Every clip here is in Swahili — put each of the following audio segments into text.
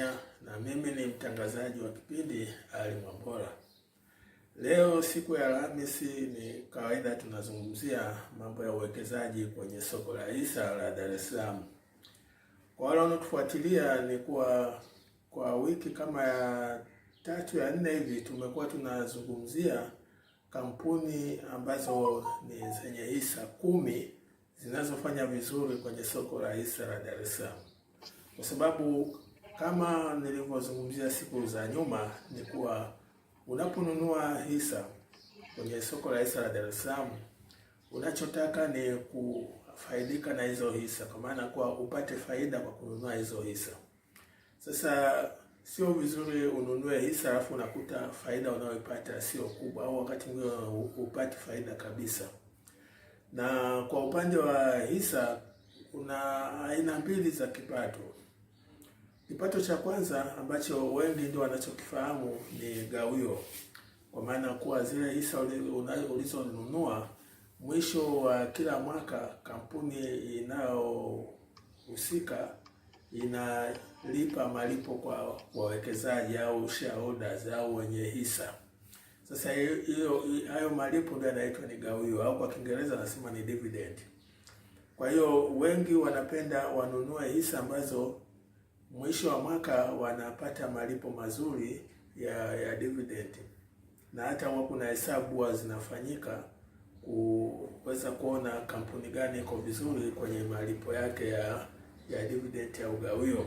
Kenya na mimi ni mtangazaji wa kipindi Ali Mwambola. Leo siku ya Alhamisi, ni kawaida tunazungumzia mambo ya uwekezaji kwenye soko la hisa la Dar es Salaam. Kwa wale wanaotufuatilia ni kuwa kwa wiki kama ya tatu ya nne hivi tumekuwa tunazungumzia kampuni ambazo ni zenye hisa kumi zinazofanya vizuri kwenye soko la hisa la Dar es Salaam kwa sababu kama nilivyozungumzia siku za nyuma, ni kuwa unaponunua hisa kwenye soko la hisa la Dar es Salaam, unachotaka ni kufaidika na hizo hisa, kwa maana kuwa upate faida kwa kununua hizo hisa. Sasa sio vizuri ununue hisa alafu unakuta faida unayoipata sio kubwa, au wakati mwingine upate faida kabisa. Na kwa upande wa hisa kuna aina mbili za kipato. Kipato cha kwanza ambacho wengi ndio wanachokifahamu ni gawio, kwa maana kuwa zile hisa ulizonunua mwisho wa kila mwaka kampuni inayohusika inalipa malipo kwa wawekezaji au shareholders au wenye hisa. Sasa hiyo hayo malipo ndio yanaitwa ni gawio, au kwa Kiingereza anasema ni dividend. Kwa hiyo wengi wanapenda wanunue hisa ambazo mwisho wa mwaka wanapata malipo mazuri ya ya dividend, na hata huwa kuna hesabu huwa zinafanyika kuweza kuona kampuni gani iko vizuri kwenye malipo yake ya ya dividend ya ugawio.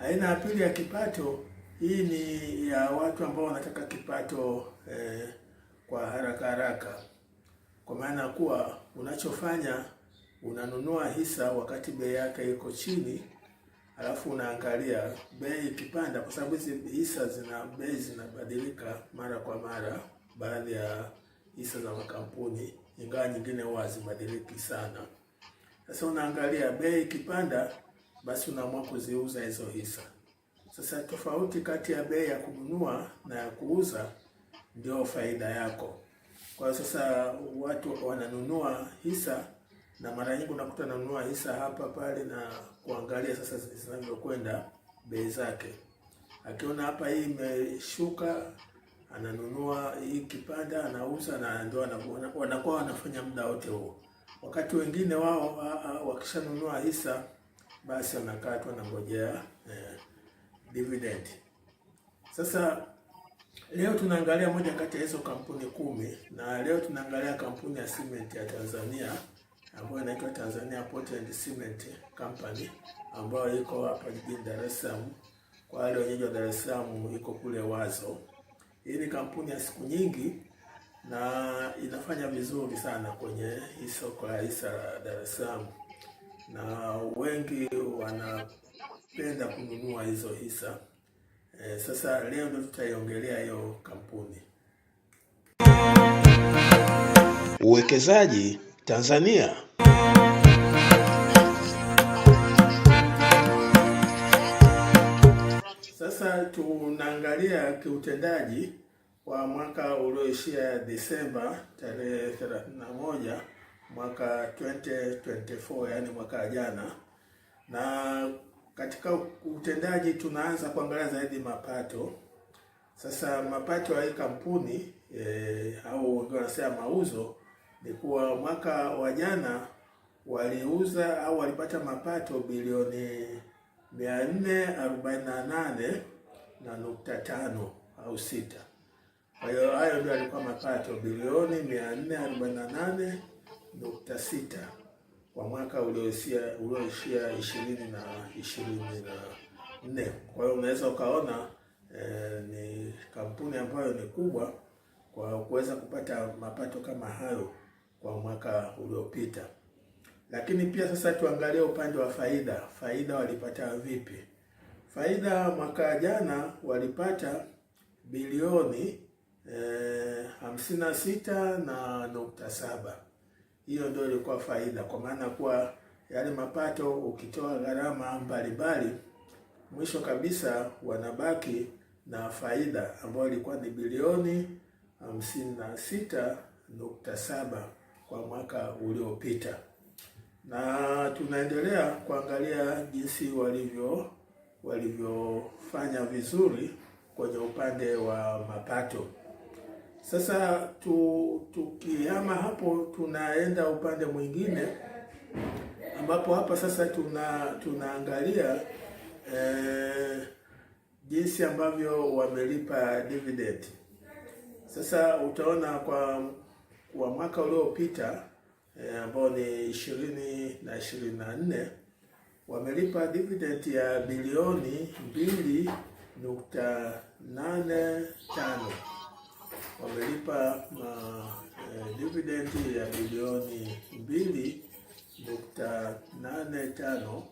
Aina ya pili ya kipato hii ni ya watu ambao wanataka kipato eh, kwa haraka haraka, kwa maana kuwa unachofanya unanunua hisa wakati bei yake iko chini alafu unaangalia bei ikipanda, kwa sababu hizi hisa zina bei zinabadilika mara kwa mara. Baadhi ya hisa za makampuni, ingawa nyingine huwa hazibadiliki sana. Sasa unaangalia bei ikipanda, basi unaamua kuziuza hizo hisa. Sasa tofauti kati ya bei ya kununua na ya kuuza ndio faida yako. Kwa sasa watu wananunua hisa na mara nyingi unakuta nanunua hisa hapa pale na kuangalia sasa zinavyokwenda bei zake. Akiona hapa hii imeshuka, ananunua hii, kipanda anauza, na ndio wanakuwa wanafanya muda wote huo. Wakati wengine wao wakishanunua hisa, basi wanakaa tu wanangojea eh, dividend. Sasa leo tunaangalia moja kati ya hizo kampuni kumi, na leo tunaangalia kampuni ya Cement ya Tanzania ambayo inaitwa Tanzania Port and Cement Company ambayo iko hapa jijini Dar es Salaam. Kwa wale wenyeji wa Dar es Salaam, iko kule Wazo. Hii ni kampuni ya siku nyingi na inafanya vizuri sana kwenye hii soko la hisa la Dar es Salaam, na wengi wanapenda kununua hizo hisa. Eh, sasa leo ndio tutaiongelea hiyo kampuni. Uwekezaji Tanzania. Sasa tunaangalia kiutendaji wa mwaka ulioishia Desemba tarehe 31 mwaka 2024, yani mwaka jana, na katika utendaji tunaanza kuangalia zaidi mapato. Sasa mapato ya hii kampuni e, au wengine wanasema mauzo ni kuwa mwaka wa jana waliuza au walipata mapato bilioni 448 na nukta tano au sita. Kwa hiyo hayo ndio alikuwa mapato bilioni nane nukta sita kwa mwaka ulioishia ulioishia ishirini na ishirini na nne. Kwa hiyo unaweza ukaona eh, ni kampuni ambayo ni kubwa kwa kuweza kupata mapato kama hayo kwa mwaka uliopita. Lakini pia sasa tuangalie upande wa faida. Faida walipata vipi? Faida mwaka jana walipata bilioni eh, hamsini na sita na nukta saba. Hiyo ndio ilikuwa faida, kwa maana kuwa yale mapato ukitoa gharama mbalimbali, mwisho kabisa wanabaki na faida ambayo ilikuwa ni bilioni hamsini na sita nukta saba kwa mwaka uliopita, na tunaendelea kuangalia jinsi walivyo walivyofanya vizuri kwenye upande wa mapato. Sasa tu, tukihama hapo tunaenda upande mwingine ambapo hapa sasa tuna tunaangalia eh, jinsi ambavyo wamelipa dividend. Sasa utaona kwa wa mwaka uliopita eh, ambao ni ishirini na ishirini na nne wamelipa dividend ya bilioni mbili nukta nane tano wamelipa uh, dividend ya bilioni mbili nukta nane tano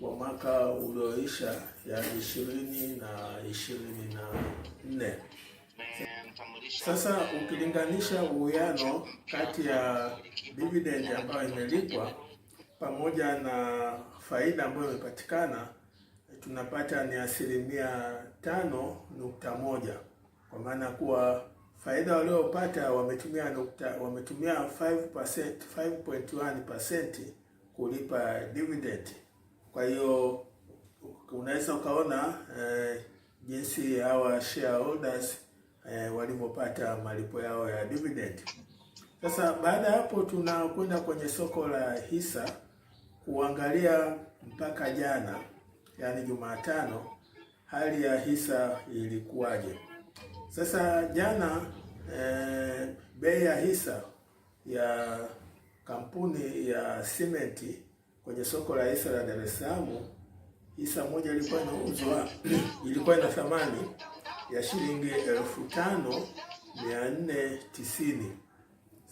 kwa mwaka ulioisha ya ishirini na ishirini na nne. Sasa ukilinganisha uwiano kati ya dividend ambayo imelipwa pamoja na faida ambayo imepatikana, tunapata ni asilimia tano nukta moja kwa maana kuwa faida waliopata wametumia nukta wametumia 5%, 5.1% kulipa dividend. Kwa hiyo unaweza ukaona eh, jinsi hawa shareholders eh, walipopata malipo yao ya dividend. Sasa baada ya hapo, tunakwenda kwenye soko la hisa kuangalia mpaka jana, yani Jumatano, hali ya hisa ilikuwaje. Sasa jana eh, bei ya hisa ya kampuni ya simenti kwenye soko la hisa la Dar es Salaam, hisa moja ilikuwa inauzwa ilikuwa ina thamani ya shilingi elfu tano mia nne tisini.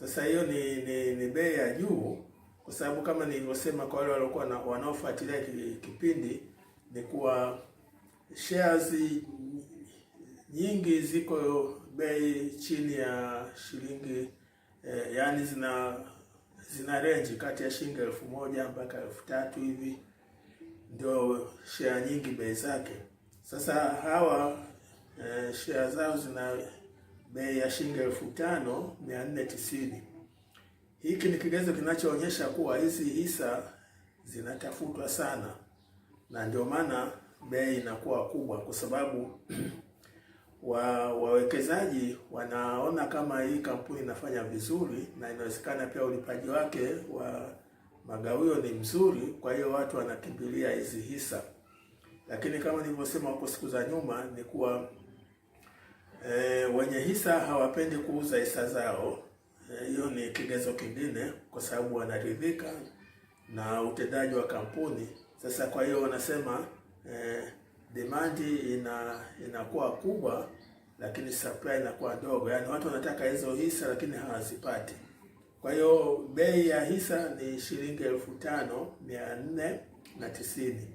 Sasa hiyo ni, ni, ni bei ya juu kwa sababu kama nilivyosema kwa wale waliokuwa wanaofuatilia kipindi ni kuwa shares nyingi ziko bei chini ya shilingi eh, yani zina zina range kati ya shilingi elfu moja mpaka elfu tatu hivi ndio share nyingi bei zake. Sasa hawa eh, share zao zina bei ya shilingi elfu tano mia nne tisini. Hiki ni kigezo kinachoonyesha kuwa hizi hisa zinatafutwa sana, na ndio maana bei inakuwa kubwa, kwa sababu wa wawekezaji wanaona kama hii kampuni inafanya vizuri na inawezekana pia ulipaji wake wa magawio ni mzuri, kwa hiyo watu wanakimbilia hizi hisa, lakini kama nilivyosema huko siku za nyuma ni kuwa E, wenye hisa hawapendi kuuza hisa zao. Eh, hiyo e, ni kigezo kingine, kwa sababu wanaridhika na utendaji wa kampuni. Sasa kwa hiyo wanasema e, demand ina inakuwa kubwa, lakini supply inakuwa ndogo, yaani watu wanataka hizo hisa lakini hawazipati. Kwa hiyo bei ya hisa ni shilingi elfu tano mia nne na tisini.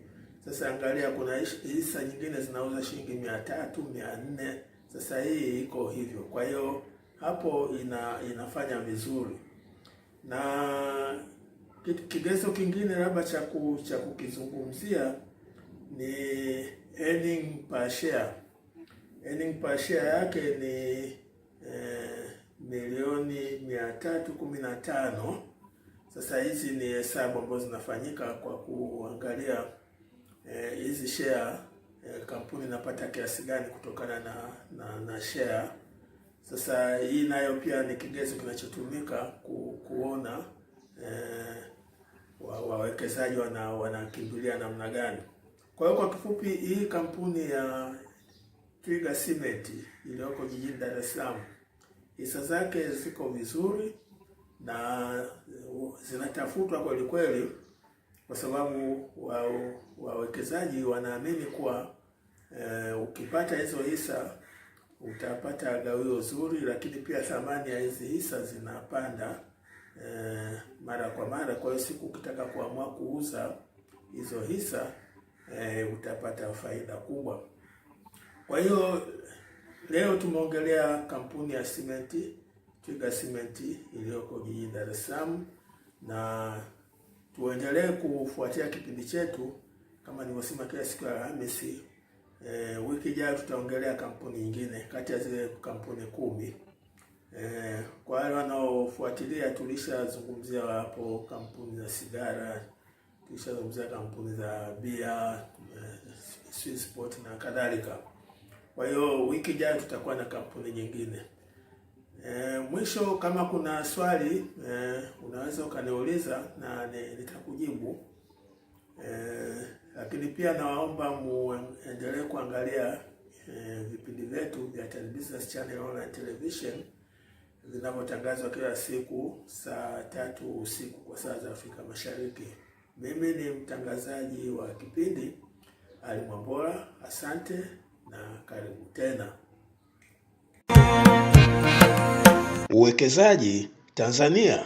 Sasa angalia, kuna hisa nyingine zinauza shilingi mia tatu mia nne sasa hii iko hivyo, kwa hiyo hapo ina, inafanya vizuri. Na kigezo kingine labda cha cha kukizungumzia ni earning per share. Earning per share yake ni eh, milioni mia tatu kumi na tano. Sasa hizi ni hesabu ambazo zinafanyika kwa kuangalia eh, hizi eh, share Eh, kampuni inapata kiasi gani kutokana na, na, na share. Sasa hii nayo pia ni kigezo kinachotumika ku, kuona eh, wawekezaji wana wanakimbilia namna gani. Kwa hiyo kwa kifupi, hii kampuni ya Twiga Cement iliyoko jijini Dar es Salaam hisa zake ziko vizuri na zinatafutwa kweli kweli kwa sababu wawekezaji wanaamini kuwa e, ukipata hizo hisa utapata gawio zuri, lakini pia thamani ya hizi hisa zinapanda e, mara kwa mara. Kwa hiyo siku ukitaka kuamua kuuza hizo hisa e, utapata faida kubwa. Kwa hiyo leo tumeongelea kampuni ya simenti Twiga Simenti iliyoko jijini Dar es Salaam na tuendelee kufuatia kipindi chetu kama nilivyosema, kila siku ya Alhamisi. E, wiki ijayo tutaongelea kampuni nyingine kati ya zile kampuni kumi. E, kwa wale wanaofuatilia tulishazungumzia hapo kampuni za sigara, tulishazungumzia kampuni za bia, eh, Swissport na kadhalika. Kwa hiyo wiki ijayo tutakuwa na kampuni nyingine. E, mwisho kama kuna swali e, unaweza ukaniuliza na nitakujibu. E, lakini pia nawaomba muendelee kuangalia e, vipindi vyetu vya Tan Business Channel Online Television vinavyotangazwa kila siku saa tatu usiku kwa saa za Afrika Mashariki. Mimi ni mtangazaji wa kipindi Ali Mwambola. Asante na karibu tena. Uwekezaji Tanzania.